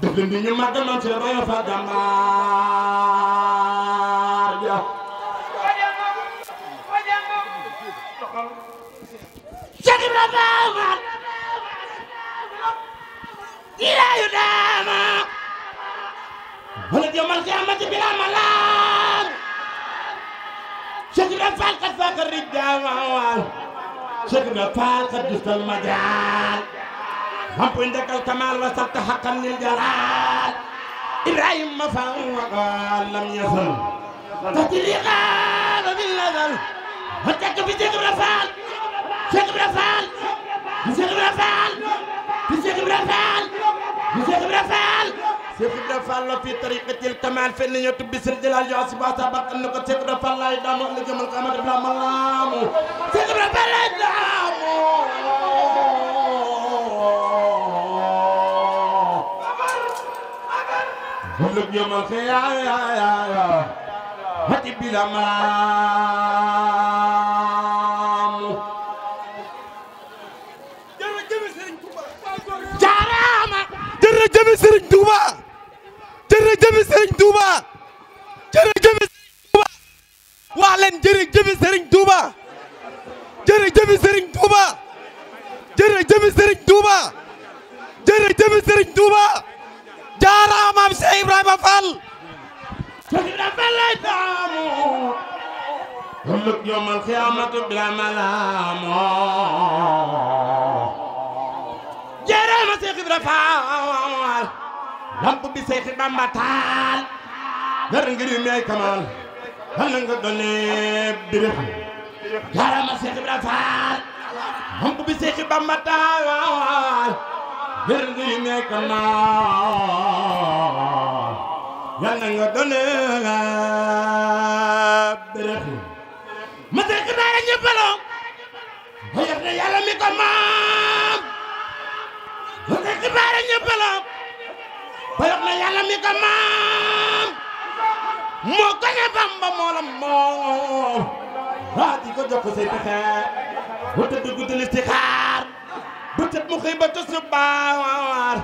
def leen di ñu màggal maam Cheikh Ibra Fall jàmbaar ja Cheikh Ibra Fall ilaayu daama wala jëmal xiyaamati bi la malaam Cheikh Ibra Fall kat fàkk rijaama Cheikh Ibra Fall kat gisal ma jaal mampu عندك الكمال وصلت حقا للجلال إبراهيم مفعول وقال لم يصل تجري غاب بالنظر وتك بشيخ رفال شيخ رفال بشيخ رفال بشيخ رفال بشيخ رفال شيخ رفال في طريقة الكمال فإن يتب بسر جلال يعصب وسبق أنك شيخ رفال لا يدام أنك من قامت بلا ملام شيخ رفال لا يدام ولك يوم الخيام هتي بلا ملام جارامة جرجم سرين توبا جرجم سرين توبا جرجم wax leen jërëjëf Serigne Touba jërëjëf Serigne Touba jërëjëf Serigne Touba jërëjëf Serigne Touba jaaraama maam Cheikh Ibrahima Fall Cheikh Ibrahima lay taamu ëllëg yawmal xiyaamatu bila malaamu jaaraama Cheikh Ibrahima Fall lamp bi Cheikh Bamba taal dara ngir yu may kamal xam na nga doone birif jaaraama Cheikh Ibrahima Fall lamp bi Cheikh Bamba taal bir di nekk naa yal na nga doonee béréb. monsieur Kadaara ñëpp a loo. xëy na mi ko moom. monsieur Kadaara ñëpp a loo. xëy mi ko moom. ne Bamba moo la ko jox ko say pexe. wut a dugg di li si bëccëg mu xëy ba tës baar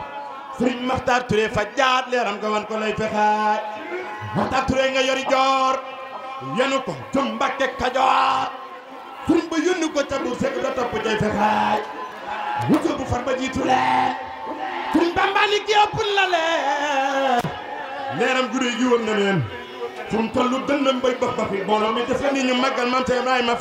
sëriñ Maxtaar Touré fa jaat leeram nga wan ko lay fexaay Maxtaar Touré nga yori joor yenu ko jëm Mbàkke Kajoor sëriñ ba yónni ko ca bu sëgg da topp jay fexaay wutu bu far ba jiitu leen sëriñ Bamba ni ëpp la leen leeram guddi yi woon na leen fu mu toll dënnam bay bax baxi booloo mi def la ni ñu màggal maam Seex Ibrahima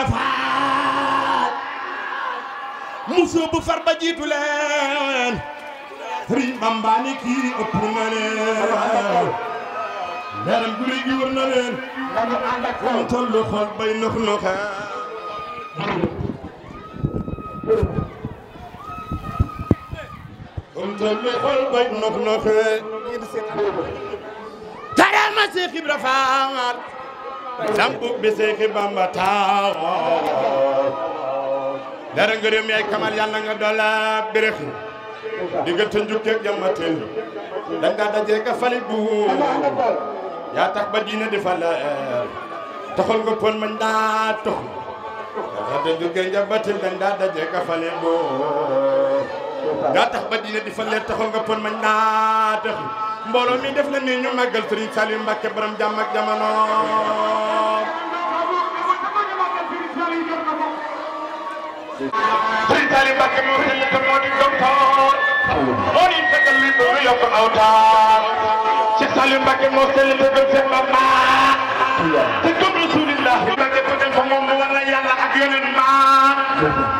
Ibra Faal far ba leen Sëriñ Bamba ni ëpp na leen leeram guri gi wër na leen dañu ànd sampu bi Seex Bamba taawoo dara ngërëm yaay kamal yàlla nga dola béréx diggante njukkeeg jàmmatel danga dajee ka fali bu yaa tax ba diina defa leer taxol nga pon mañ daa tox daxate njukkee njàmbatel danga dajee yaa tax ba diina defa leer nga pon mañ daa tox mbooloo mi def na ni ñu màggal Serigne Saliou Mbacké borom jàmm ak jamono Serigne Saliou Mbacké moo fi nekk moo di docteur moo di fekkal li doon yokk awtaar Cheikh Saliou Mbacké moo sell te gëm seen mama te gëm Rasulillah Mbacké ko dem fa moom mu war a yàlla ak yeneen maam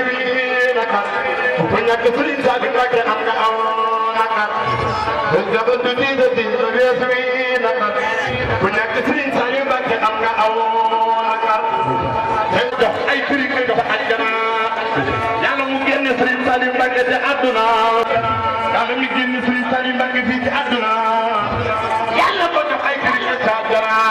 ويقتل الإنسان لكن أنك أو نكر بالجبل تجيزتي ويسوي نكر ويقتل الإنسان لكن أنك أو نكر أي فريق يدفع عندنا yàlla mu génn Serigne Saliou Mbacké ci àdduna yàlla mu génn Serigne Saliou Mbacké fii ci àdduna yàlla ko jox ay kër yi ca àdduna